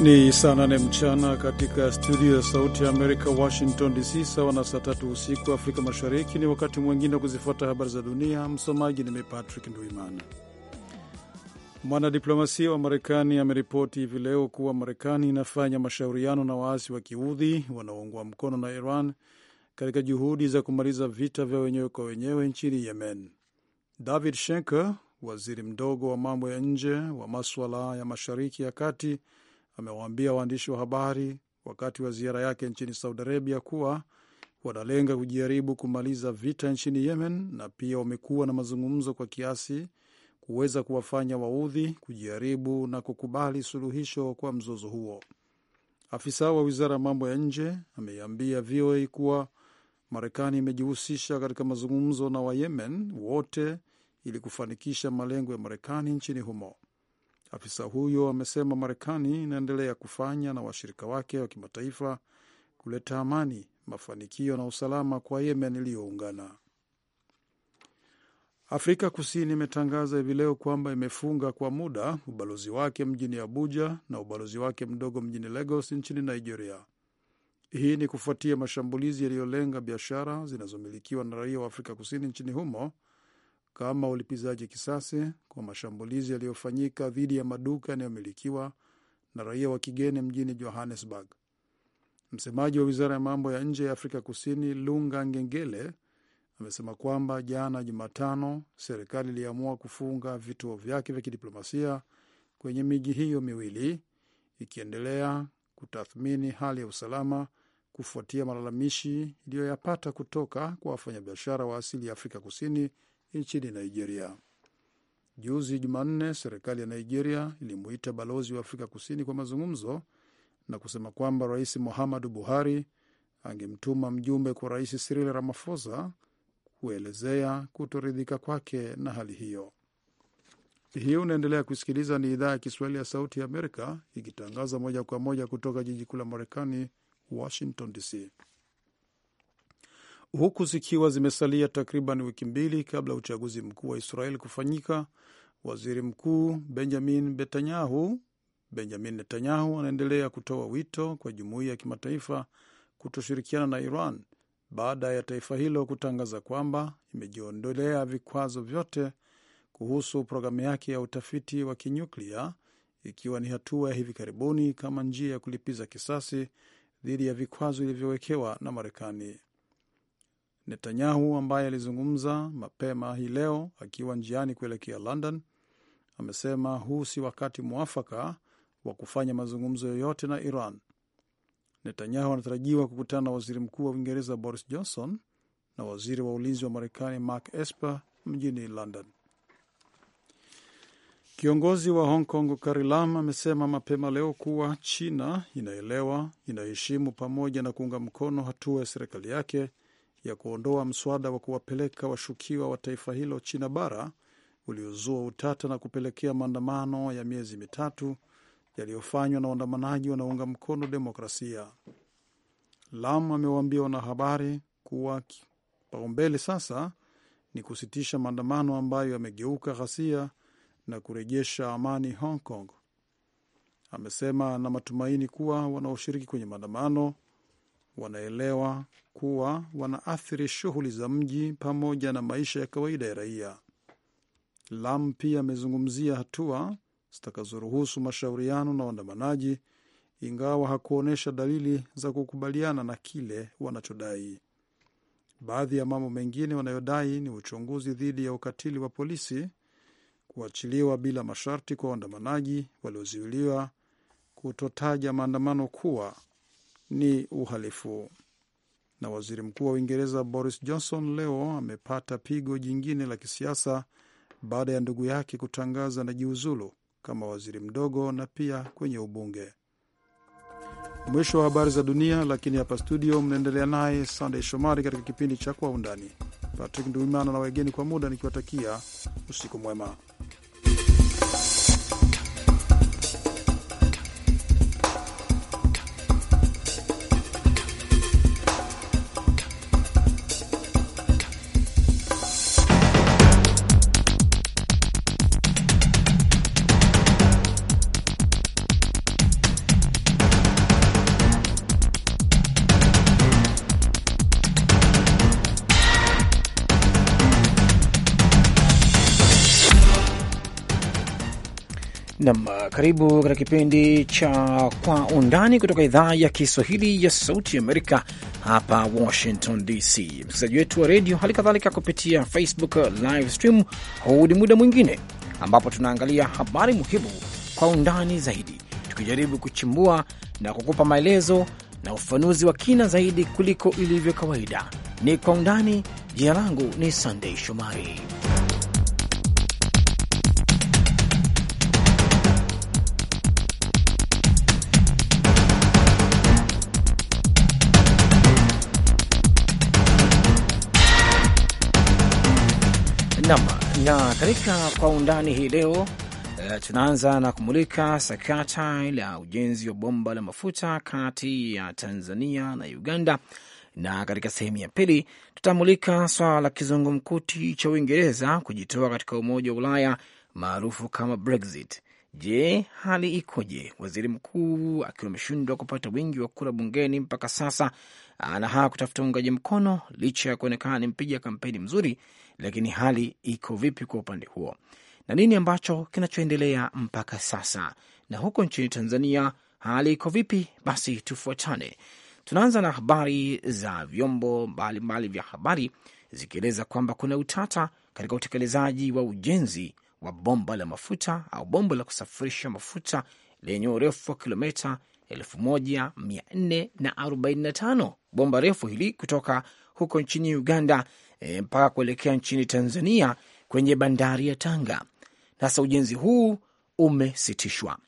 Ni saa nane mchana katika studio ya Sauti ya Amerika, Washington DC, sawa na saa tatu usiku Afrika Mashariki. Ni wakati mwingine wa kuzifuata habari za dunia. Msomaji ni mimi Patrick Nduimana. Mwanadiplomasia wa Marekani ameripoti hivi leo kuwa Marekani inafanya mashauriano na waasi wa kiudhi wanaoungwa mkono na Iran katika juhudi za kumaliza vita vya wenyewe kwa wenyewe nchini Yemen. David Shenker, waziri mdogo wa mambo ya nje wa maswala ya Mashariki ya Kati, amewaambia waandishi wa habari wakati wa ziara yake nchini Saudi Arabia kuwa wanalenga kujaribu kumaliza vita nchini Yemen na pia wamekuwa na mazungumzo kwa kiasi kuweza kuwafanya waudhi kujaribu na kukubali suluhisho kwa mzozo huo. Afisa wa wizara ya mambo ya nje ameiambia VOA kuwa Marekani imejihusisha katika mazungumzo na Wayemen wote ili kufanikisha malengo ya Marekani nchini humo. Afisa huyo amesema Marekani inaendelea kufanya na washirika wake wa kimataifa kuleta amani, mafanikio na usalama kwa Yemen iliyoungana. Afrika Kusini imetangaza hivi leo kwamba imefunga kwa muda ubalozi wake mjini Abuja na ubalozi wake mdogo mjini Lagos nchini Nigeria. Hii ni kufuatia mashambulizi yaliyolenga biashara zinazomilikiwa na raia wa Afrika Kusini nchini humo kama ulipizaji kisasi kwa mashambulizi yaliyofanyika dhidi ya maduka yanayomilikiwa na raia wa kigeni mjini Johannesburg. Msemaji wa wizara ya mambo ya nje ya Afrika Kusini, Lunga Ngengele, amesema kwamba jana Jumatano serikali iliamua kufunga vituo vyake vya kidiplomasia kwenye miji hiyo miwili, ikiendelea kutathmini hali ya usalama kufuatia malalamishi iliyoyapata kutoka kwa wafanyabiashara wa asili ya Afrika Kusini nchini Nigeria. Juzi Jumanne, serikali ya Nigeria ilimuita balozi wa Afrika Kusini kwa mazungumzo na kusema kwamba Rais Muhammadu Buhari angemtuma mjumbe kwa Rais Cyril Ramaphosa kuelezea kutoridhika kwake na hali hiyo. Hii unaendelea kusikiliza, ni idhaa ya Kiswahili ya Sauti ya Amerika ikitangaza moja kwa moja kutoka jiji kuu la Marekani, Washington DC huku zikiwa zimesalia takriban wiki mbili kabla ya uchaguzi mkuu wa Israel kufanyika. Waziri Mkuu Benjamin Netanyahu Benjamin Netanyahu anaendelea kutoa wito kwa jumuiya ya kimataifa kutoshirikiana na Iran baada ya taifa hilo kutangaza kwamba imejiondolea vikwazo vyote kuhusu programu yake ya utafiti wa kinyuklia, ikiwa ni hatua ya hivi karibuni kama njia ya kulipiza kisasi dhidi ya vikwazo vilivyowekewa na Marekani. Netanyahu ambaye alizungumza mapema hii leo akiwa njiani kuelekea London amesema huu si wakati mwafaka wa kufanya mazungumzo yoyote na Iran. Netanyahu anatarajiwa kukutana na waziri mkuu wa Uingereza Boris Johnson na waziri wa ulinzi wa Marekani Mark Esper mjini London. Kiongozi wa Hong Kong Carrie Lam amesema mapema leo kuwa China inaelewa, inaheshimu pamoja na kuunga mkono hatua ya serikali yake ya kuondoa mswada wa kuwapeleka washukiwa wa taifa hilo China bara uliozua utata na kupelekea maandamano ya miezi mitatu yaliyofanywa na waandamanaji wanaunga mkono demokrasia. Lam amewaambia wanahabari kuwa kipaumbele sasa ni kusitisha maandamano ambayo yamegeuka ghasia na kurejesha amani Hong Kong. Amesema ana matumaini kuwa wanaoshiriki kwenye maandamano wanaelewa kuwa wanaathiri shughuli za mji pamoja na maisha ya kawaida ya raia. Lam pia amezungumzia hatua zitakazoruhusu mashauriano na waandamanaji, ingawa hakuonyesha dalili za kukubaliana na kile wanachodai. Baadhi ya mambo mengine wanayodai ni uchunguzi dhidi ya ukatili wa polisi, kuachiliwa bila masharti kwa waandamanaji waliozuiliwa, kutotaja maandamano kuwa ni uhalifu. Na waziri mkuu wa Uingereza Boris Johnson leo amepata pigo jingine la kisiasa baada ya ndugu yake kutangaza na jiuzulu kama waziri mdogo na pia kwenye ubunge. Mwisho wa habari za dunia, lakini hapa studio mnaendelea naye Sandey Shomari katika kipindi cha Kwa Undani. Patrick Nduimana na wageni kwa muda nikiwatakia usiku mwema. Karibu katika kipindi cha Kwa Undani kutoka idhaa ya Kiswahili ya Sauti Amerika hapa Washington DC. Msikilizaji wetu wa redio, hali kadhalika kupitia Facebook live stream, huu ni muda mwingine ambapo tunaangalia habari muhimu kwa undani zaidi, tukijaribu kuchimbua na kukupa maelezo na ufafanuzi wa kina zaidi kuliko ilivyo kawaida. Ni Kwa Undani. Jina langu ni Sandei Shomari. Nam na katika kwa undani hii leo e, tunaanza na kumulika sakata la ujenzi wa bomba la mafuta kati ya Tanzania na Uganda, na katika sehemu ya pili tutamulika swala la kizungumkuti cha Uingereza kujitoa katika Umoja wa Ulaya maarufu kama Brexit. Je, hali ikoje? Waziri mkuu akiwa ameshindwa kupata wingi wa kura bungeni mpaka sasa ana haa kutafuta uungaji mkono licha ya kuonekana ni mpiga kampeni mzuri, lakini hali iko vipi kwa upande huo na nini ambacho kinachoendelea mpaka sasa? Na huko nchini Tanzania hali iko vipi? Basi tufuatane. Tunaanza na habari za vyombo mbalimbali vya habari zikieleza kwamba kuna utata katika utekelezaji wa ujenzi wa bomba la mafuta au bomba la kusafirisha mafuta lenye urefu wa kilometa 1445 bomba refu hili kutoka huko nchini Uganda e, mpaka kuelekea nchini Tanzania kwenye bandari ya Tanga. Sasa ujenzi huu umesitishwa.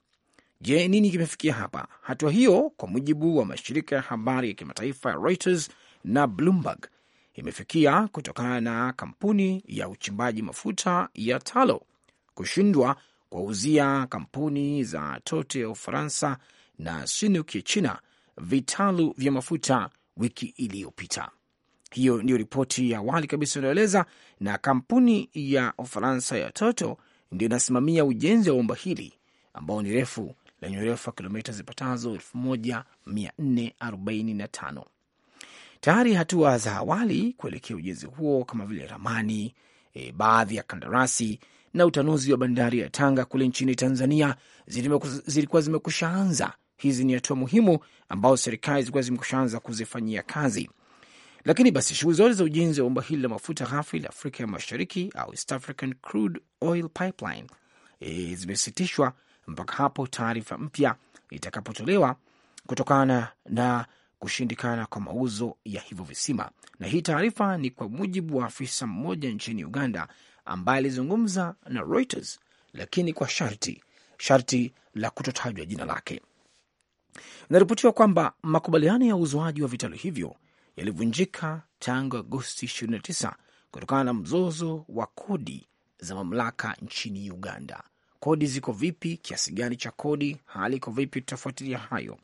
Je, nini kimefikia hapa? Hatua hiyo kwa mujibu wa mashirika ya habari ya kimataifa ya Reuters na Bloomberg imefikia kutokana na kampuni ya uchimbaji mafuta ya Talo kushindwa kuwauzia kampuni za tote ya Ufaransa na Sinuk ya China vitalu vya mafuta wiki iliyopita. Hiyo ndiyo ripoti ya awali kabisa inayoeleza, na kampuni ya Ufaransa ya Toto ndio inasimamia ujenzi wa bomba hili ambao ni refu lenye urefu wa kilomita zipatazo 1445. Tayari hatua za awali kuelekea ujenzi huo kama vile ramani e, baadhi ya kandarasi na utanuzi wa bandari ya Tanga kule nchini Tanzania zilikuwa zimekushaanza Hizi ni hatua muhimu ambazo serikali zilikuwa zimekushaanza kuzifanyia kazi, lakini basi shughuli zote za ujenzi wa bomba hili la mafuta ghafi la Afrika ya Mashariki au East African Crude Oil Pipeline e, zimesitishwa mpaka hapo taarifa mpya itakapotolewa kutokana na kushindikana kwa mauzo ya hivyo visima. Na hii taarifa ni kwa mujibu wa afisa mmoja nchini Uganda ambaye alizungumza na Reuters, lakini kwa sharti sharti la kutotajwa jina lake. Inaripotiwa kwamba makubaliano ya uuzwaji wa vitalu hivyo yalivunjika tangu Agosti 29 kutokana na mzozo wa kodi za mamlaka nchini Uganda. Kodi ziko vipi? Kiasi gani cha kodi? Hali iko vipi? Tutafuatilia hayo,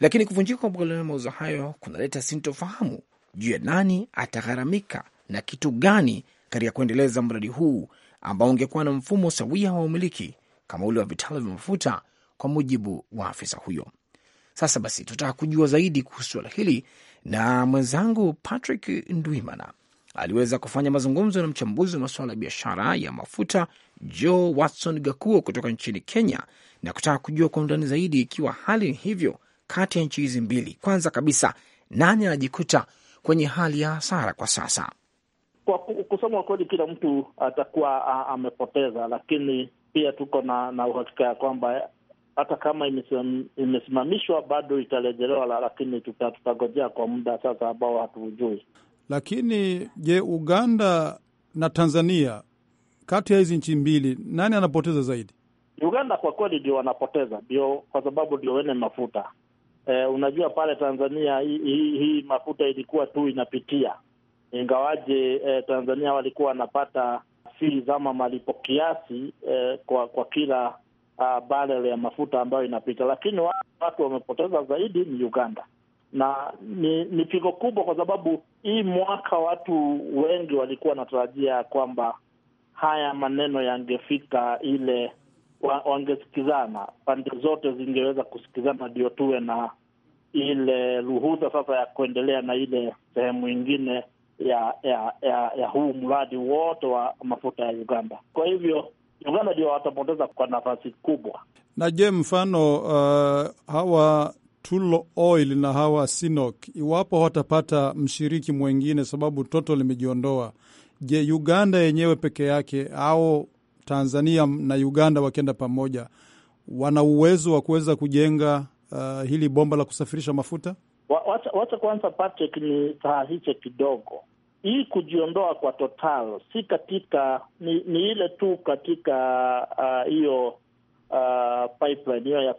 lakini kuvunjika kwa makubaliano ya mauzo hayo kunaleta sintofahamu juu ya nani atagharamika na kitu gani katika kuendeleza mradi huu ambao ungekuwa na mfumo sawia wa umiliki kama ule wa vitalu vya mafuta, kwa mujibu wa afisa huyo. Sasa basi, tutaka kujua zaidi kuhusu suala hili, na mwenzangu Patrick Ndwimana aliweza kufanya mazungumzo na mchambuzi wa masuala ya biashara ya mafuta Joe Watson Gakuo kutoka nchini Kenya, na kutaka kujua kwa undani zaidi ikiwa hali ni hivyo kati ya nchi hizi mbili. Kwanza kabisa, nani anajikuta kwenye hali ya hasara kwa sasa? Kwa kusema kweli, kila mtu atakuwa amepoteza, lakini pia tuko na, na uhakika ya kwamba hata kama imesimamishwa bado itarejelewa, lakini tutangojea kwa muda sasa ambao hatuujui. Lakini je, Uganda na Tanzania, kati ya hizi nchi mbili, nani anapoteza zaidi? Uganda kwa kweli ndio wanapoteza, ndio kwa sababu ndio wene mafuta E, Unajua pale Tanzania hii hi, hi mafuta ilikuwa tu inapitia, ingawaje e, Tanzania walikuwa wanapata fees ama malipo kiasi e, kwa kwa kila uh, barrel ya mafuta ambayo inapita, lakini watu wamepoteza zaidi ni Uganda na ni, ni pigo kubwa, kwa sababu hii mwaka watu wengi walikuwa wanatarajia kwamba haya maneno yangefika ile wa, wangesikizana, pande zote zingeweza kusikizana ndio tuwe na ile ruhusa sasa ya kuendelea na ile sehemu ingine ya ya ya, ya huu mradi wote wa mafuta ya Uganda. Kwa hivyo Uganda ndio watapoteza kwa nafasi kubwa. Na je, mfano uh, hawa Tullow Oil na hawa Sinok, iwapo hawatapata mshiriki mwengine, sababu toto limejiondoa, je, Uganda yenyewe peke yake au Tanzania na Uganda wakienda pamoja, wana uwezo wa kuweza kujenga uh, hili bomba la kusafirisha mafuta? Wacha kwanza Patrick ni sahihishe kidogo hii kujiondoa kwa Total si katika ni, ni ile tu katika uh, hiyo uh, Uh, pipeline hiyo ya,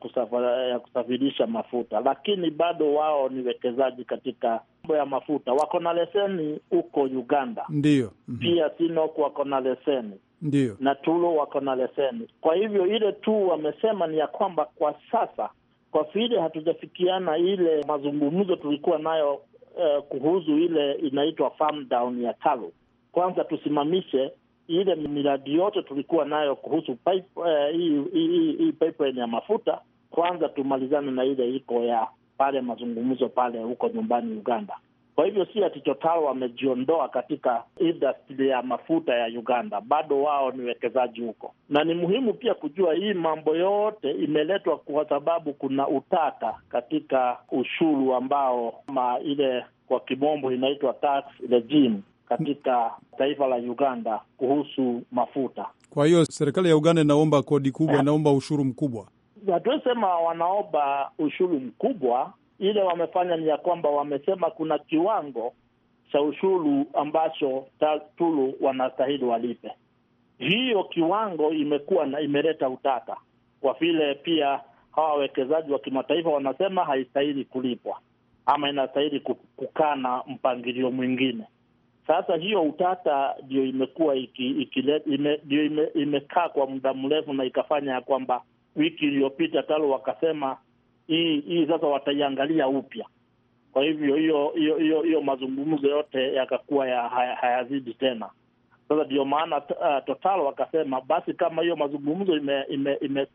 ya kusafirisha mafuta, lakini bado wao ni wekezaji katika mambo ya mafuta. Wako na leseni huko Uganda, ndio mm -hmm. Pia Sinok wako na leseni, ndio na Tulo wako na leseni. Kwa hivyo ile tu wamesema ni ya kwamba kwa sasa, kwa vile hatujafikiana ile mazungumzo tulikuwa nayo Eh, kuhusu ile inaitwa farm down ya KALU. Kwanza tusimamishe ile miradi yote tulikuwa nayo kuhusu eh, hii, uh, pipeline ya mafuta. Kwanza tumalizane na ile iko ya pale mazungumzo pale huko nyumbani Uganda. Kwa hivyo si ati Total wamejiondoa katika industry ya mafuta ya Uganda, bado wao ni wekezaji huko. Na ni muhimu pia kujua hii mambo yote imeletwa kwa sababu kuna utata katika ushuru ambao ma ile kwa kimombo inaitwa tax regime katika taifa la Uganda kuhusu mafuta. Kwa hiyo serikali ya Uganda inaomba kodi kubwa, ah. inaomba ushuru mkubwa. Hatuwezi sema wanaomba ushuru mkubwa, ile wamefanya ni ya kwamba wamesema kuna kiwango cha ushuru ambacho TULU wanastahili walipe. Hiyo kiwango imekuwa na imeleta utata, kwa vile pia hawa wawekezaji wa kimataifa wanasema haistahili kulipwa ama inastahili kukaa na mpangilio mwingine. Sasa hiyo utata ndio imekuwa ndio ime, ime, imekaa kwa muda mrefu na ikafanya ya kwamba wiki iliyopita TALO wakasema hii hii sasa wataiangalia upya. Kwa hivyo hiyo hiyo hiyo hiyo mazungumzo yote yakakuwa ya hayazidi tena. Sasa ndio maana uh, Total wakasema basi, kama hiyo mazungumzo imekufa ime, ime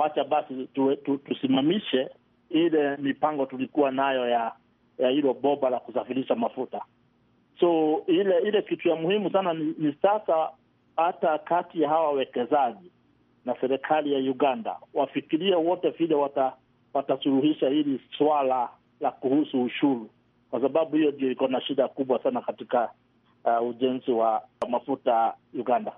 wacha basi tu, tu, tusimamishe ile mipango tulikuwa nayo ya ya hilo bomba la kusafirisha mafuta. So ile ile kitu ya muhimu sana ni, ni sasa hata kati ya hawa wawekezaji na serikali ya Uganda wafikirie wote vile wata, watasuluhisha hili swala la kuhusu ushuru, kwa sababu hiyo ndio iko na shida kubwa sana katika uh, ujenzi wa mafuta Uganda.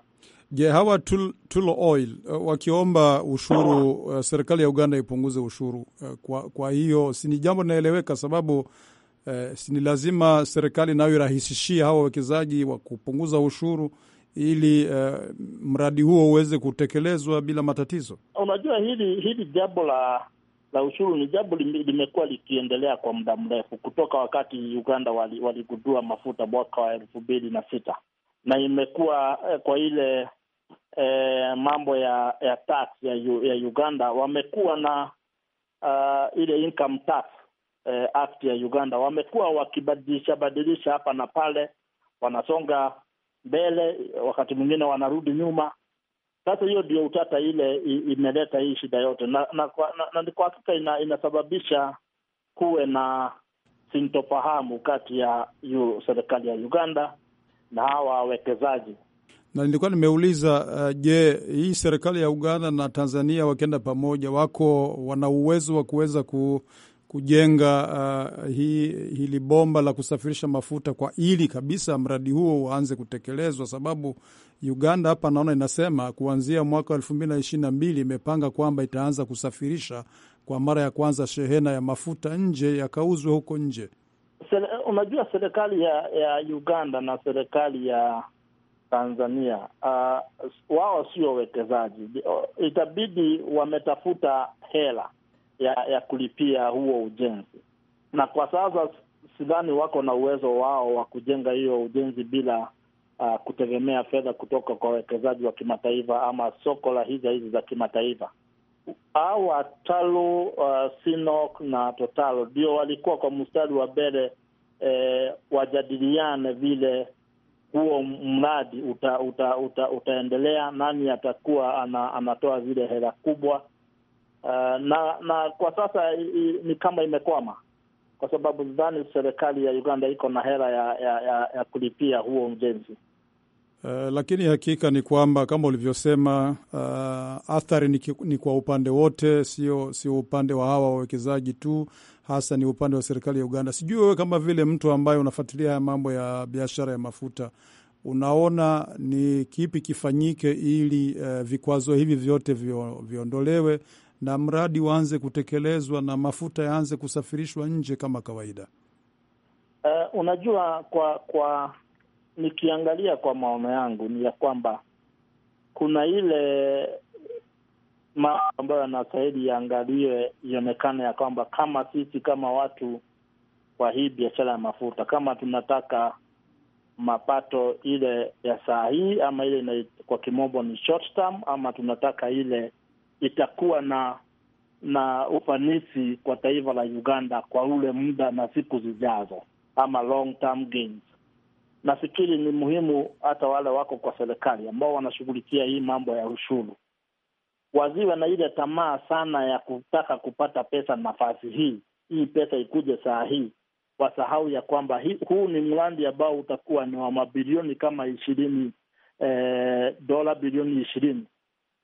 Je, hawa tul, Oil uh, wakiomba ushuru uh, serikali ya Uganda ipunguze ushuru uh, kwa, kwa hiyo si ni jambo linaeleweka, sababu uh, si ni lazima serikali nayo irahisishie hawa wawekezaji wa kupunguza ushuru ili uh, mradi huo uweze kutekelezwa bila matatizo. Unajua, hili hili jambo la la ushuru ni jambo limekuwa likiendelea kwa muda mrefu, kutoka wakati Uganda waligundua wali mafuta mwaka wa elfu mbili na sita na imekuwa eh, kwa ile eh, mambo ya ya tax ya, ya Uganda wamekuwa na uh, ile income tax eh, act ya Uganda wamekuwa wakibadilisha badilisha hapa na pale, wanasonga mbele, wakati mwingine wanarudi nyuma. Sasa hiyo ndio utata ile imeleta hii shida yote, na na, na, na, na kwa hakika ina, inasababisha kuwe na sintofahamu kati ya serikali ya Uganda na hawa wawekezaji. Na nilikuwa nimeuliza uh, je, hii serikali ya Uganda na Tanzania wakienda pamoja, wako wana uwezo wa kuweza ku kujenga uh, hi, hili bomba la kusafirisha mafuta kwa ili kabisa mradi huo uanze kutekelezwa, sababu Uganda hapa naona inasema kuanzia mwaka wa elfu mbili na ishirini na mbili imepanga kwamba itaanza kusafirisha kwa mara ya kwanza shehena ya mafuta nje yakauzwe huko nje. Sele, unajua serikali ya, ya Uganda na serikali ya Tanzania uh, wao sio wawekezaji, itabidi wametafuta hela ya, ya kulipia huo ujenzi, na kwa sasa sidhani wako na uwezo wao wa kujenga hiyo ujenzi bila uh, kutegemea fedha kutoka kwa wawekezaji wa kimataifa ama soko la hisa hizi za kimataifa. Hawa Talu, uh, Sinok na Total ndio walikuwa kwa mstari wa mbele eh, wajadiliane vile huo mradi uta, uta, uta, utaendelea, nani atakuwa ana, anatoa zile hela kubwa uh, na na kwa sasa ni kama imekwama, kwa sababu dhani serikali ya Uganda iko na hela ya, ya, ya, ya kulipia huo ujenzi. Uh, lakini hakika ni kwamba kama ulivyosema, uh, athari ni, ni kwa upande wote, sio sio upande wa hawa wawekezaji tu, hasa ni upande wa serikali ya Uganda. Sijui wewe kama vile mtu ambaye unafuatilia haya mambo ya biashara ya mafuta unaona ni kipi kifanyike ili uh, vikwazo hivi vyote viondolewe na mradi waanze kutekelezwa na mafuta yaanze kusafirishwa nje kama kawaida? Uh, unajua kwa kwa nikiangalia kwa maono yangu ni ya kwamba kuna ile mambo ambayo yanastahili yaangaliwe, ionekane ya kwamba kama sisi kama watu wa hii biashara ya mafuta, kama tunataka mapato ile ya saa hii ama ile na, kwa kimombo ni short term, ama tunataka ile itakuwa na na ufanisi kwa taifa la Uganda kwa ule muda na siku zijazo, ama long term gains. Nafikiri ni muhimu hata wale wako kwa serikali ambao wanashughulikia hii mambo ya ushuru waziwe na ile tamaa sana ya kutaka kupata pesa nafasi hii hii pesa ikuje saa hii, wasahau ya kwamba hii, huu ni mradi ambao utakuwa ni wa mabilioni kama ishirini eh, dola bilioni ishirini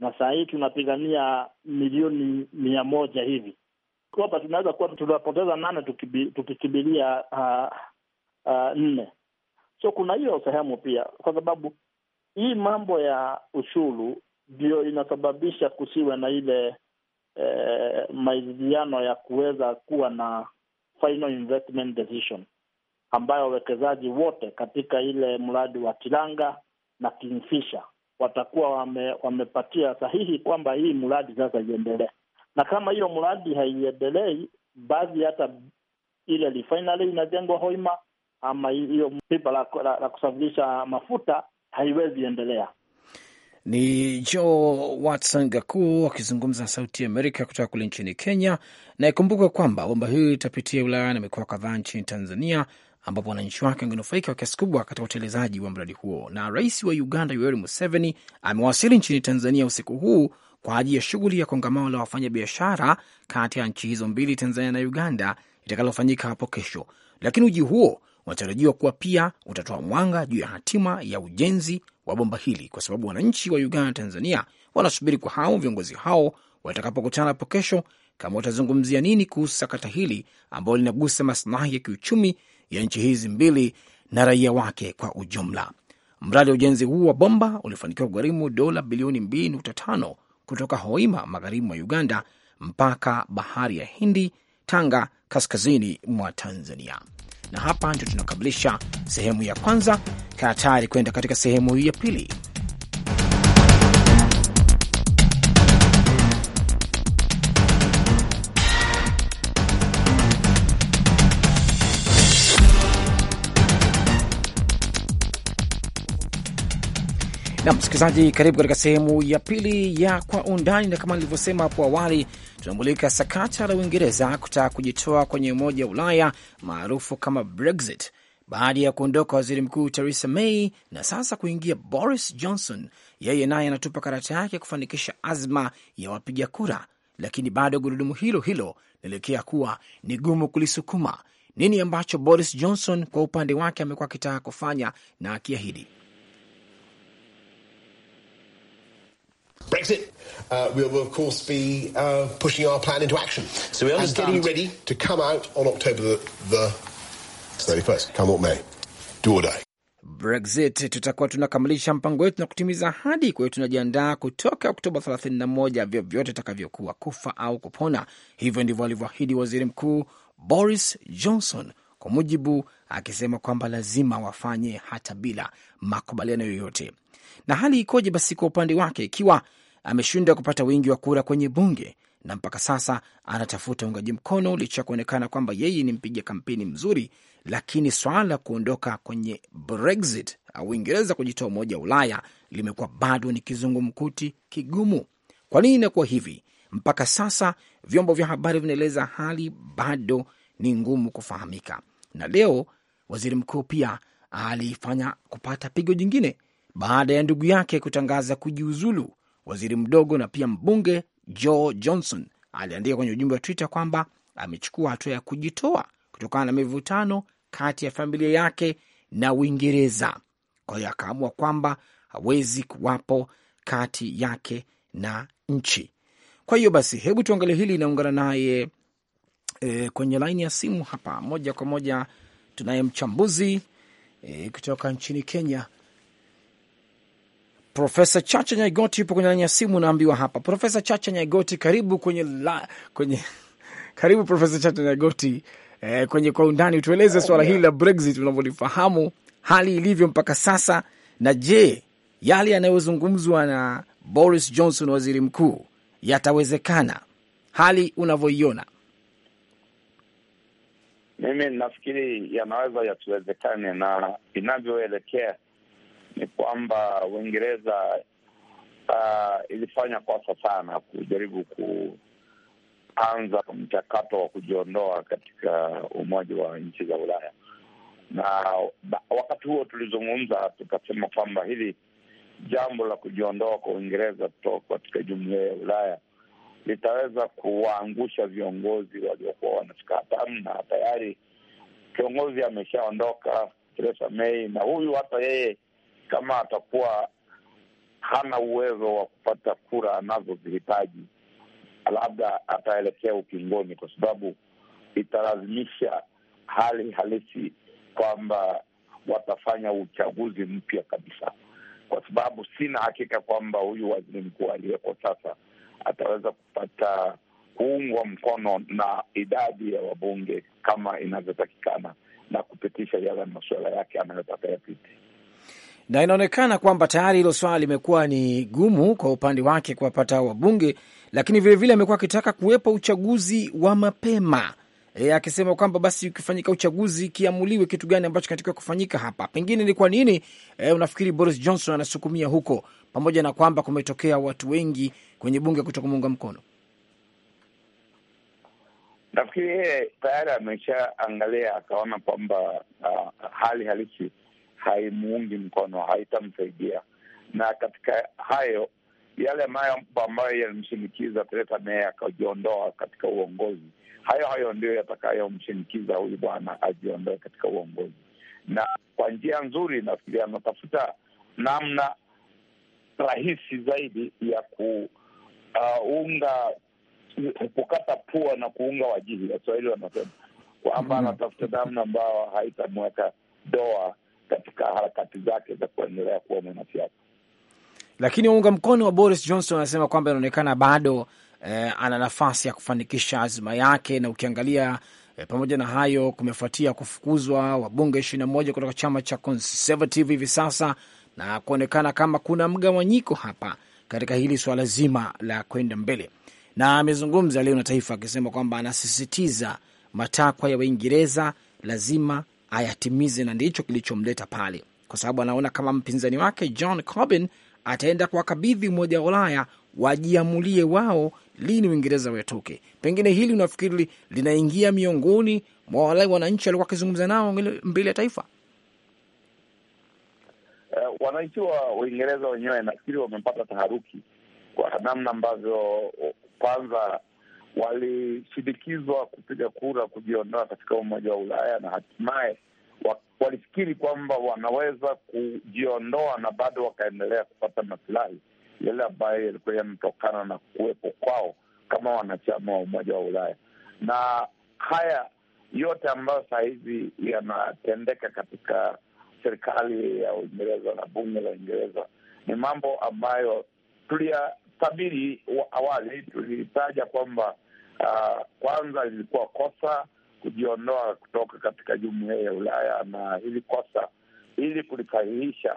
na saa hii tunapigania milioni mia moja hivi kwamba tunaweza kuwa tunapoteza nane tukikimbilia uh, uh, nne. So kuna hiyo sehemu pia, kwa sababu hii mambo ya ushuru ndio inasababisha kusiwe na ile eh, maridhiano ya kuweza kuwa na final investment decision ambayo wawekezaji wote katika ile mradi wa Kiranga na Kingfisher watakuwa wame, wamepatia sahihi kwamba hii mradi sasa iendelee, na kama hiyo mradi haiendelei, basi hata ile refinery inajengwa Hoima ama hiyo pipa la, la, la kusafirisha mafuta haiwezi endelea. Ni Joe Watson Gaku akizungumza Sauti ya Amerika kutoka kule nchini Kenya, na ikumbuke kwamba bomba hili litapitia wilaya na mikoa kadhaa nchini Tanzania ambapo wananchi wake wangenufaika kwa kiasi kubwa katika utekelezaji wa mradi huo. Na rais wa Uganda Yoweri Museveni amewasili nchini Tanzania usiku huu kwa ajili ya shughuli ya kongamano la wafanyabiashara kati ya nchi hizo mbili, Tanzania na Uganda, itakalofanyika hapo kesho. Lakini uji huo unatarajiwa kuwa pia utatoa mwanga juu ya hatima ya ujenzi wa bomba hili, kwa sababu wananchi wa Uganda na Tanzania wanasubiri kwa hamu viongozi hao watakapokutana hapo kesho, kama watazungumzia nini kuhusu sakata hili ambalo linagusa masilahi ya kiuchumi ya nchi hizi mbili na raia wake kwa ujumla. Mradi wa ujenzi huu wa bomba ulifanikiwa kugharimu dola bilioni 2.5 kutoka Hoima, magharibi mwa Uganda, mpaka bahari ya Hindi, Tanga, kaskazini mwa Tanzania. Na hapa ndio tunakamilisha sehemu ya kwanza. Kaa tayari kwenda katika sehemu hii ya pili. Na msikilizaji, karibu katika sehemu ya pili ya Kwa Undani, na kama nilivyosema hapo awali, tunamulika sakata la Uingereza kutaka kujitoa kwenye Umoja wa Ulaya maarufu kama Brexit baada ya kuondoka waziri mkuu Theresa May na sasa kuingia Boris Johnson. Yeye naye anatupa karata yake kufanikisha azma ya wapiga kura, lakini bado gurudumu hilo hilo linaelekea kuwa ni gumu kulisukuma. Nini ambacho Boris Johnson kwa upande wake amekuwa akitaka kufanya na akiahidi? Brexit. Uh, we will, of course, be uh, pushing our plan into action. So we understand. And getting ready to come out on October the, the 31st, come what may. Do or die. Brexit, tutakuwa tunakamilisha mpango wetu na kutimiza ahadi. Kwa hiyo tunajiandaa kutoka Oktoba 31 vyovyote itakavyokuwa, kufa au kupona. Hivyo ndivyo alivyoahidi waziri mkuu Boris Johnson, kwa mujibu akisema kwamba lazima wafanye hata bila makubaliano yoyote na hali ikoje basi kwa upande wake ikiwa ameshindwa kupata wingi wa kura kwenye bunge na mpaka sasa anatafuta uungaji mkono licha ya kuonekana kwamba yeye ni mpiga kampeni mzuri, lakini swala la kuondoka kwenye Brexit au Uingereza kujitoa Umoja wa Ulaya limekuwa bado ni kizungumkuti kigumu. Kwa nini inakuwa hivi? Mpaka sasa vyombo vya habari vinaeleza hali bado ni ngumu kufahamika, na leo waziri mkuu pia alifanya kupata pigo jingine baada ya ndugu yake kutangaza kujiuzulu. Waziri mdogo na pia mbunge Joe Johnson aliandika kwenye ujumbe wa Twitter kwamba amechukua hatua ya kujitoa kutokana na mivutano kati ya familia yake na Uingereza. Kwa hiyo akaamua kwamba hawezi kuwapo kati yake na nchi. Kwa hiyo basi, hebu tuangalie hili. Inaungana naye e, kwenye laini ya simu hapa moja kwa moja tunaye mchambuzi e, kutoka nchini Kenya Profesa Chacha Nyaigoti yupo kwenye laini ya simu, naambiwa hapa. Profesa Chacha Nyaigoti, karibu kwenye la, kwenye karibu Profesa Chacha Nyaigoti eh, kwenye kwa undani, tueleze swala hili la Brexit unavyolifahamu hali ilivyo mpaka sasa, na je, yale yanayozungumzwa na Boris Johnson waziri mkuu yatawezekana, hali unavyoiona? Mimi nafikiri yanaweza yatuwezekane na inavyoelekea ni kwamba Uingereza uh, ilifanya kosa sana kujaribu kuanza mchakato wa kujiondoa katika umoja wa nchi za Ulaya, na wakati huo tulizungumza tukasema kwamba hili jambo la kujiondoa kwa Uingereza kutoka katika jumuiya ya Ulaya litaweza kuwaangusha viongozi waliokuwa wanafika hatamu, na tayari kiongozi ameshaondoka Theresa May, na huyu hata yeye kama atakuwa hana uwezo wa kupata kura anazozihitaji, labda ataelekea ukingoni, kwa sababu italazimisha hali halisi kwamba watafanya uchaguzi mpya kabisa, kwa sababu sina hakika kwamba huyu waziri mkuu aliyeko sasa ataweza kupata kuungwa mkono na idadi ya wabunge kama inavyotakikana na kupitisha yale masuala yake anayotaka yapiti na inaonekana kwamba tayari hilo swala limekuwa ni gumu kwa upande wake kuwapata hao wabunge, lakini vilevile amekuwa vile akitaka kuwepo uchaguzi wa mapema e, akisema kwamba basi ukifanyika uchaguzi kiamuliwe kitu gani ambacho kinatakiwa kufanyika hapa. Pengine ni kwa nini e, unafikiri Boris Johnson anasukumia huko, pamoja na kwamba kumetokea watu wengi kwenye bunge kuto kumuunga mkono? Nafikiri yeye tayari ameshaangalia akaona kwamba uh, hali halisi haimuungi mkono, haitamsaidia. Na katika hayo yale mambo ambayo yalimshinikiza Theresa May akajiondoa katika uongozi, hayo hayo ndio yatakayomshinikiza huyu bwana ajiondoe katika uongozi. Na kwa njia nzuri, nafikiria anatafuta namna rahisi zaidi ya kuunga uh, kukata pua na kuunga wajihi, Waswahili wanasema kwamba mm-hmm. anatafuta namna ambayo haitamweka doa katika harakati zake za kuendelea kuwa mwanasiasa. Lakini waunga mkono wa Boris Johnson anasema kwamba inaonekana bado eh, ana nafasi ya kufanikisha azma yake, na ukiangalia eh, pamoja na hayo kumefuatia kufukuzwa wabunge ishirini na moja kutoka chama cha Conservative hivi sasa na kuonekana kama kuna mgawanyiko hapa katika hili swala zima la kwenda mbele. Na amezungumza leo na taifa akisema kwamba anasisitiza matakwa ya Waingereza lazima ayatimize, na ndicho kilichomleta pale, kwa sababu anaona kama mpinzani wake John Corbyn ataenda kuwakabidhi Umoja wa Ulaya wajiamulie wao lini Uingereza watoke. Pengine hili unafikiri linaingia miongoni mwa wale wananchi walikuwa wakizungumza nao mbele ya taifa? Uh, wananchi wa Uingereza wenyewe nafikiri wamepata taharuki kwa namna ambavyo kwanza walishindikizwa kupiga kura kujiondoa katika Umoja wa Ulaya na hatimaye walifikiri kwamba wanaweza kujiondoa na bado wakaendelea kupata masilahi yale ambayo yalikuwa yanatokana na kuwepo kwao kama wanachama wa Umoja wa Ulaya. Na haya yote ambayo saa hizi yanatendeka katika serikali ya Uingereza na bunge la Uingereza ni mambo ambayo tulia tabiri awali tulitaja kwamba uh, kwanza lilikuwa kosa kujiondoa kutoka katika jumuiya ya Ulaya, na hili kosa ili kulisahihisha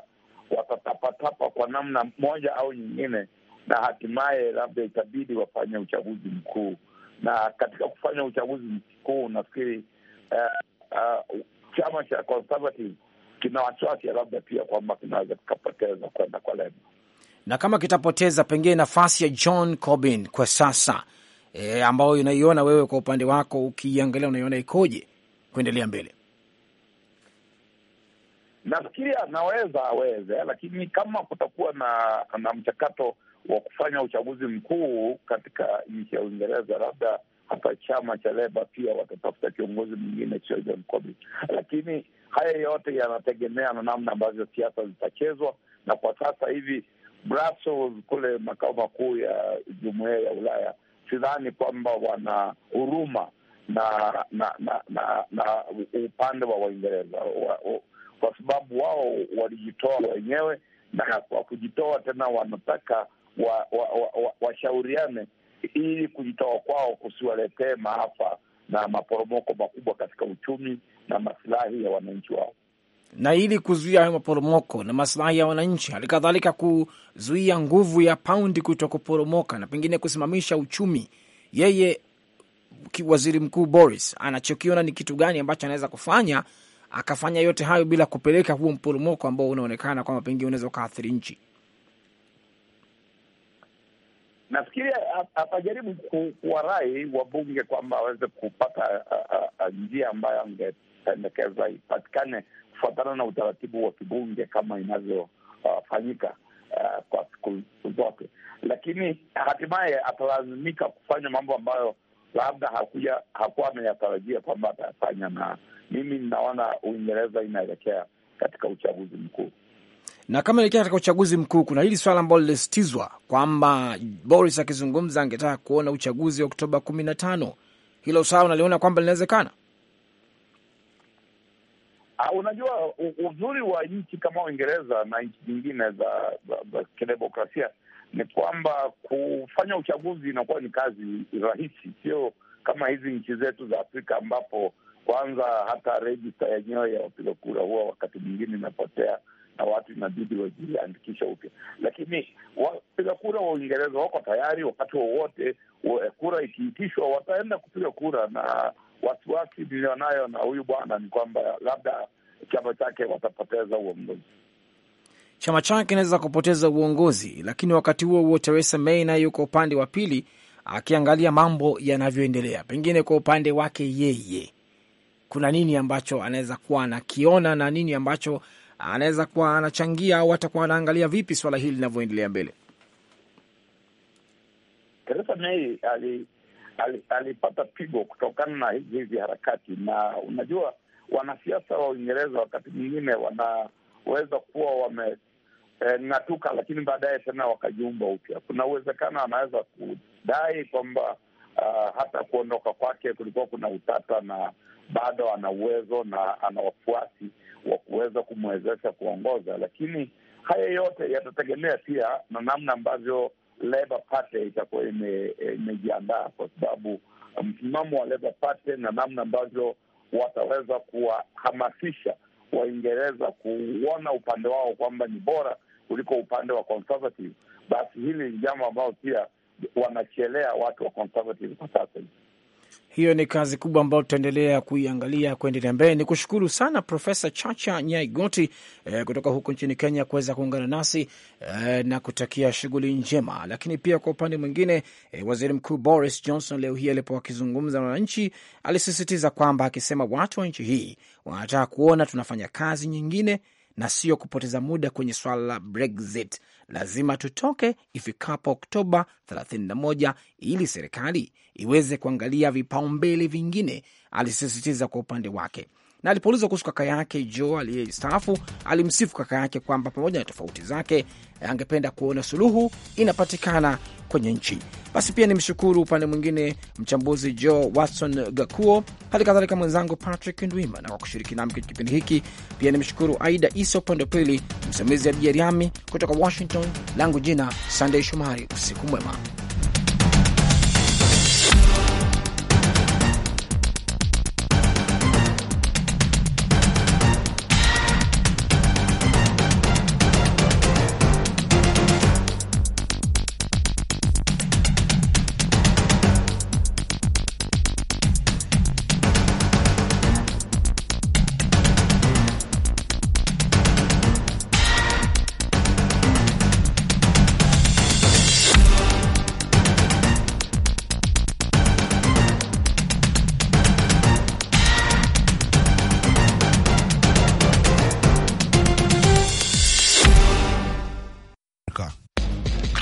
watatapatapa kwa namna moja au nyingine, na hatimaye labda itabidi wafanye uchaguzi mkuu. Na katika kufanya uchaguzi mkuu nafikiri uh, uh, chama cha Conservative kina wasiwasi labda pia kwamba kinaweza kikapoteza kwenda kwa Leba na kama kitapoteza pengine nafasi ya John Corbin kwa sasa e, ambayo unaiona wewe kwa upande wako ukiangalia unaiona ikoje kuendelea mbele? Nafikiri anaweza aweze, lakini kama kutakuwa na, na mchakato wa kufanya uchaguzi mkuu katika nchi ya Uingereza, labda hata chama cha Leba pia watatafuta kiongozi mwingine sio John Corbyn. Lakini haya yote yanategemea na namna ambavyo siasa zitachezwa, na kwa sasa hivi Brussels kule makao makuu ya jumuiya ya Ulaya, sidhani kwamba wana huruma na na na, na, na upande wa Waingereza wa, wa, kwa sababu wao walijitoa wenyewe, na kwa kujitoa tena wanataka washauriane wa, wa, wa, ili kujitoa kwao kusiwaletee maafa na maporomoko makubwa katika uchumi na masilahi ya wananchi wao na ili kuzuia hayo maporomoko na maslahi ya wananchi, hali kadhalika kuzuia nguvu ya paundi kuto kuporomoka na pengine kusimamisha uchumi, yeye waziri mkuu Boris anachokiona ni kitu gani ambacho anaweza kufanya akafanya yote hayo bila kupeleka huo mporomoko ambao unaonekana kwamba pengine unaweza ukaathiri nchi? Nafikiri atajaribu kuwarai wabunge kwamba aweze kupata a, a, a, njia ambayo angependekeza ipatikane kufuatana na utaratibu wa kibunge kama inavyofanyika uh, kwa siku zote, lakini hatimaye atalazimika kufanya mambo ambayo labda hakuja hakuwa ameyatarajia kwamba atayafanya, na mimi ninaona Uingereza inaelekea katika uchaguzi mkuu na kama ilekea katika uchaguzi mkuu, kuna hili swala ambalo lilisitizwa kwamba Boris akizungumza angetaka kuona uchaguzi wa Oktoba kumi na tano. Hilo swala unaliona kwamba linawezekana? Uh, unajua uzuri wa nchi kama Uingereza na nchi nyingine za, za, za kidemokrasia ni kwamba kufanya uchaguzi inakuwa ni kazi rahisi, sio kama hizi nchi zetu za Afrika ambapo kwanza hata rejista yenyewe ya wapiga kura huwa wakati mwingine inapotea na watu inabidi wajiandikisha upya. Lakini wapiga kura wa Uingereza wako tayari, wakati wowote kura ikiitishwa wataenda kupiga kura, na wasiwasi nilionayo na huyu bwana ni kwamba labda chama chake watapoteza uongozi, chama chake kinaweza kupoteza uongozi. Lakini wakati huo huo, Theresa May naye yuko upande wa pili akiangalia mambo yanavyoendelea, pengine kwa upande wake yeye kuna nini ambacho anaweza kuwa anakiona na nini ambacho anaweza kuwa anachangia au atakuwa anaangalia vipi swala hili linavyoendelea mbele. Theresa May alipata pigo kutokana na hizi hizi harakati. Na unajua wanasiasa wa Uingereza wakati mwingine wanaweza kuwa wameng'atuka eh, e, lakini baadaye tena wakajiumba upya. Kuna uwezekano anaweza kudai kwamba uh, hata kuondoka kwake kulikuwa kuna utata na bado ana uwezo na ana wafuasi wa kuweza kumwezesha kuongoza, lakini haya yote yatategemea pia na namna ambavyo Labour Party itakuwa imejiandaa, kwa sababu msimamo wa Labour Party na namna ambavyo wataweza kuwahamasisha Waingereza kuona upande wao kwamba ni bora kuliko upande wa Conservative, basi hili ni jambo ambayo pia wanachelea watu wa Conservative kwa sasa hivi hiyo ni kazi kubwa ambayo tutaendelea kuiangalia kuendelea mbele. Ni kushukuru sana Profesa Chacha Nyaigoti eh, kutoka huko nchini Kenya kuweza kuungana nasi eh, na kutakia shughuli njema. Lakini pia kwa upande mwingine eh, waziri mkuu Boris Johnson leo hii alipo akizungumza na wananchi alisisitiza kwamba, akisema watu wa nchi hii wanataka kuona tunafanya kazi nyingine na sio kupoteza muda kwenye swala la Brexit. Lazima tutoke ifikapo Oktoba 31 ili serikali iweze kuangalia vipaumbele vingine, alisisitiza kwa upande wake na alipoulizwa kuhusu kaka yake Joe aliyestaafu, alimsifu kaka yake kwamba pamoja na tofauti zake eh, angependa kuona suluhu inapatikana kwenye nchi. Basi pia nimshukuru upande mwingine mchambuzi Joe Watson Gakuo, hali kadhalika mwenzangu Patrick Ndwima na kwa kushiriki nami kwenye kipindi hiki. Pia nimshukuru Aida Isa upande wa pili, msimamizi Abdiariami kutoka Washington. Langu jina Sandey Shomari, usiku mwema.